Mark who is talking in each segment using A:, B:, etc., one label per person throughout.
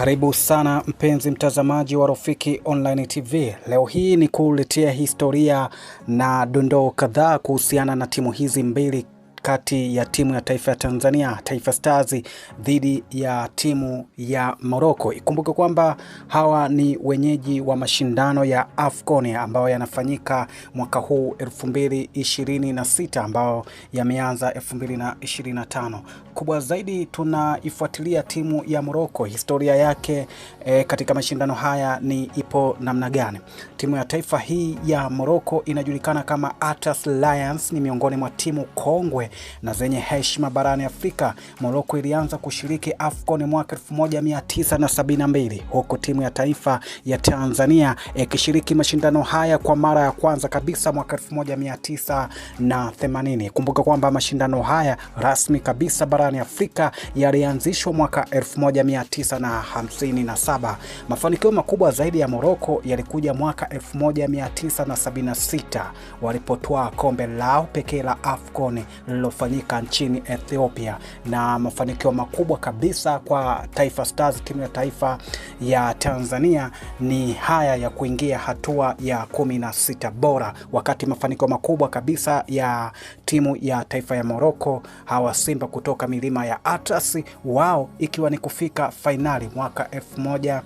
A: Karibu sana mpenzi mtazamaji wa Rafiki Online TV. Leo hii ni kuletea historia na dondoo kadhaa kuhusiana na timu hizi mbili kati ya timu ya taifa ya Tanzania Taifa Stars dhidi ya timu ya Morocco. Ikumbuke kwamba hawa ni wenyeji wa mashindano ya AFCON ambayo yanafanyika mwaka huu 2026 ambayo yameanza 2025. Kubwa zaidi tunaifuatilia timu ya Morocco, historia yake e, katika mashindano haya ni ipo namna gani? Timu ya taifa hii ya Morocco inajulikana kama Atlas Lions, ni miongoni mwa timu kongwe na zenye heshima barani Afrika, moroko ilianza kushiriki AFCON mwaka 1972 huku timu ya taifa ya Tanzania ikishiriki mashindano haya kwa mara ya kwanza kabisa mwaka 1980. Kumbuka kwamba mashindano haya rasmi kabisa barani Afrika yalianzishwa mwaka 1957. Mafanikio makubwa zaidi ya moroko yalikuja mwaka 1976 walipotwaa kombe lao pekee la AFCON lililofanyika nchini Ethiopia na mafanikio makubwa kabisa kwa Taifa Stars, timu ya taifa ya Tanzania ni haya ya kuingia hatua ya kumi na sita bora, wakati mafanikio makubwa kabisa ya timu ya taifa ya Moroko hawa Simba kutoka milima ya Atlas, wao ikiwa ni kufika fainali mwaka elfu moja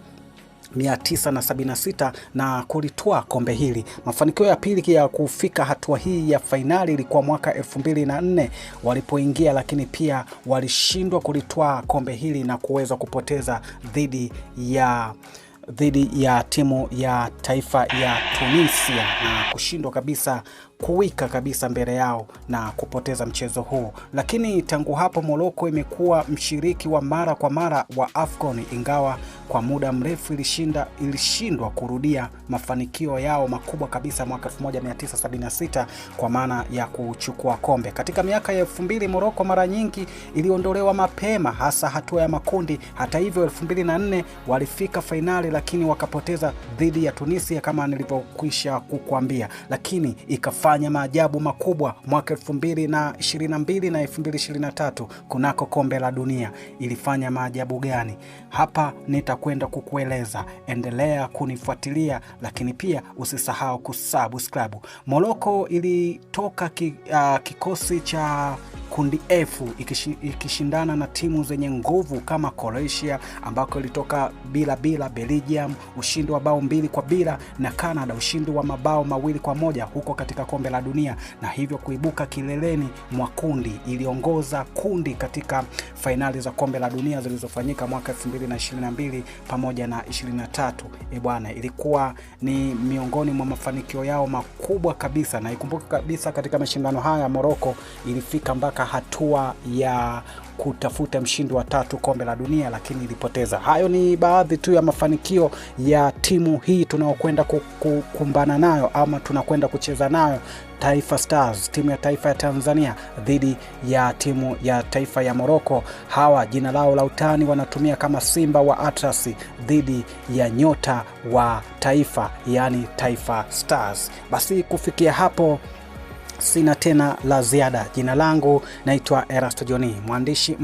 A: 976 na kulitwaa kombe hili. Mafanikio ya pili ya kufika hatua hii ya fainali ilikuwa mwaka 2004 walipoingia, lakini pia walishindwa kulitwaa kombe hili na kuweza kupoteza dhidi ya dhidi ya timu ya taifa ya Tunisia na kushindwa kabisa kuwika kabisa mbele yao na kupoteza mchezo huu. Lakini tangu hapo moroko imekuwa mshiriki wa mara kwa mara wa AFCON, ingawa kwa muda mrefu ilishinda ilishindwa kurudia mafanikio yao makubwa kabisa mwaka 1976 kwa maana ya kuchukua kombe. Katika miaka ya 2000 moroko mara nyingi iliondolewa mapema, hasa hatua ya makundi. Hata hivyo, 2004 walifika fainali lakini wakapoteza dhidi ya Tunisia kama nilivyokwisha kukuambia, lakini ikafanya maajabu makubwa mwaka 2022 na 2023 kunako kombe la dunia. Ilifanya maajabu gani? Hapa nitakwenda kukueleza, endelea kunifuatilia, lakini pia usisahau kusubscribe. moroko ilitoka ki, uh, kikosi cha kundi F ikishindana na timu zenye nguvu kama Croatia ambako ilitoka bila bila, Belgium ushindi wa bao mbili kwa bila, na Canada ushindi wa mabao mawili kwa moja huko katika kombe la dunia, na hivyo kuibuka kileleni mwa kundi. Iliongoza kundi katika fainali za kombe la dunia zilizofanyika mwaka 2022 pamoja na 23. E bwana, ilikuwa ni miongoni mwa mafanikio yao makubwa kabisa, na ikumbuke kabisa katika mashindano haya Morocco ilifika mpaka katika hatua ya kutafuta mshindi wa tatu kombe la dunia, lakini ilipoteza. Hayo ni baadhi tu ya mafanikio ya timu hii tunaokwenda kukumbana nayo ama tunakwenda kucheza nayo, Taifa Stars, timu ya taifa ya Tanzania dhidi ya timu ya taifa ya Moroko. Hawa jina lao la utani wanatumia kama Simba wa Atlas dhidi ya nyota wa taifa, yani Taifa Stars. Basi kufikia hapo Sina tena la ziada. Jina langu naitwa Erasto Joni, mwandishi